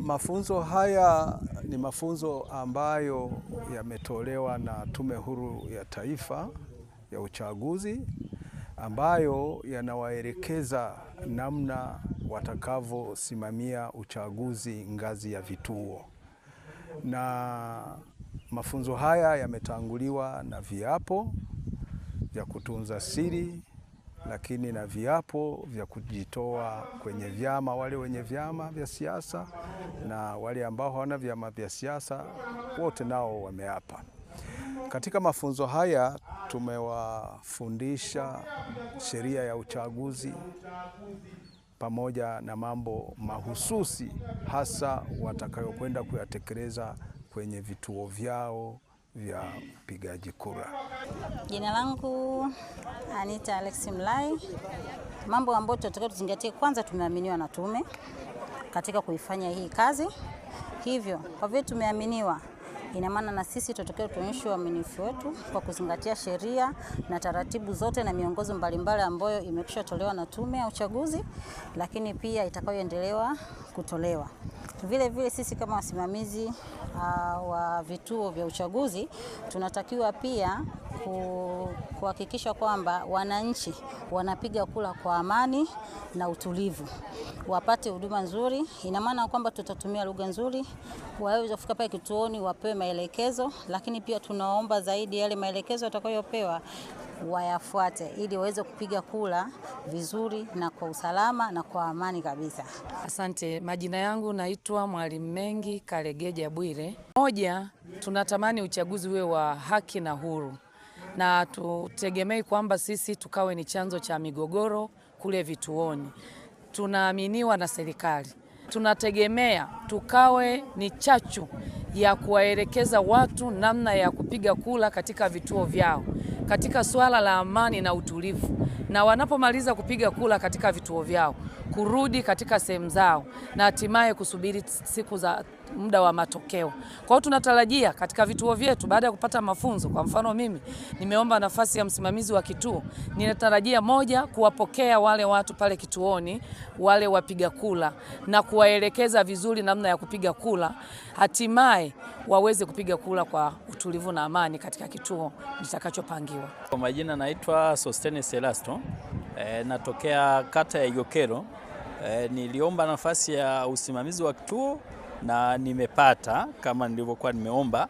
Mafunzo haya ni mafunzo ambayo yametolewa na Tume Huru ya Taifa ya Uchaguzi ambayo yanawaelekeza namna watakavyosimamia uchaguzi ngazi ya vituo, na mafunzo haya yametanguliwa na viapo vya kutunza siri lakini na viapo vya kujitoa kwenye vyama, wale wenye vyama vya siasa na wale ambao hawana vyama vya siasa, wote nao wameapa. Katika mafunzo haya tumewafundisha sheria ya uchaguzi pamoja na mambo mahususi hasa watakayokwenda kuyatekeleza kwenye vituo vyao vya upigaji kura. Jina langu Anita Alex Mlai. Mambo ambayo tunatakiwa tuzingatie, kwanza tumeaminiwa na tume katika kuifanya hii kazi, hivyo kwa vile tumeaminiwa Ina maana na sisi tutatakiwa tuonyeshe uaminifu wetu kwa kuzingatia sheria na taratibu zote na miongozo mbalimbali ambayo imekwisha tolewa na Tume ya Uchaguzi, lakini pia itakayoendelewa kutolewa. Vile vile sisi kama wasimamizi uh, wa vituo vya uchaguzi tunatakiwa pia kuhakikisha kwamba wananchi wanapiga kura kwa amani na utulivu, wapate huduma nzuri. Ina maana kwamba tutatumia lugha nzuri, waweze kufika pale kituoni, wapewe maelekezo, lakini pia tunaomba zaidi yale maelekezo yatakayopewa wayafuate ili waweze kupiga kura vizuri na kwa usalama na kwa amani kabisa. Asante. Majina yangu naitwa Mwalimu Mengi Kalegeja Bwire. Moja, tunatamani uchaguzi uwe wa haki na huru, na tutegemei kwamba sisi tukawe ni chanzo cha migogoro kule vituoni. Tunaaminiwa na serikali, tunategemea tukawe ni chachu ya kuwaelekeza watu namna ya kupiga kula katika vituo vyao katika swala la amani na utulivu, na wanapomaliza kupiga kula katika vituo vyao kurudi katika sehemu zao na hatimaye kusubiri siku za muda wa matokeo. Kwa hiyo tunatarajia katika vituo vyetu, baada ya kupata mafunzo, kwa mfano mimi nimeomba nafasi ya msimamizi wa kituo, ninatarajia moja, kuwapokea wale watu pale kituoni, wale wapiga kula na kuwaelekeza vizuri namna ya kupiga kula, hatimaye waweze kupiga kula kwa utulivu na amani katika kituo nitakachopangia kufanikiwa. Kwa majina naitwa Sostene Elasto e, natokea kata ya Igokero e, niliomba nafasi ya usimamizi wa kituo na nimepata kama nilivyokuwa nimeomba.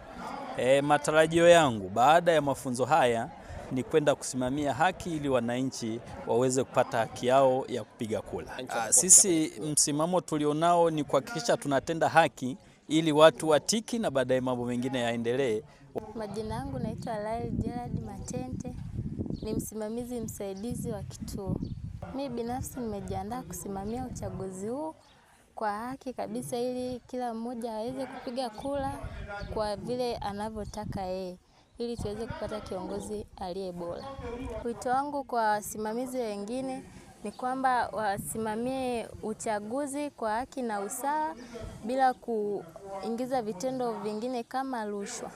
E, matarajio yangu baada ya mafunzo haya ni kwenda kusimamia haki ili wananchi waweze kupata haki yao ya kupiga kura. Sisi msimamo tulionao ni kuhakikisha tunatenda haki ili watu watiki na baadaye mambo mengine yaendelee. Majina yangu naitwa Lail Gerard Matente, ni msimamizi msaidizi wa kituo. Mi binafsi nimejiandaa kusimamia uchaguzi huu kwa haki kabisa, ili kila mmoja aweze kupiga kura kwa vile anavyotaka yeye, ili tuweze kupata kiongozi aliye bora. Wito wangu kwa wasimamizi wengine ni kwamba wasimamie uchaguzi kwa haki na usawa bila kuingiza vitendo vingine kama rushwa.